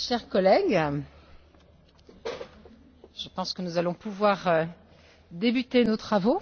chers collègues je pense que nous allons pouvoir débuter nos travaux.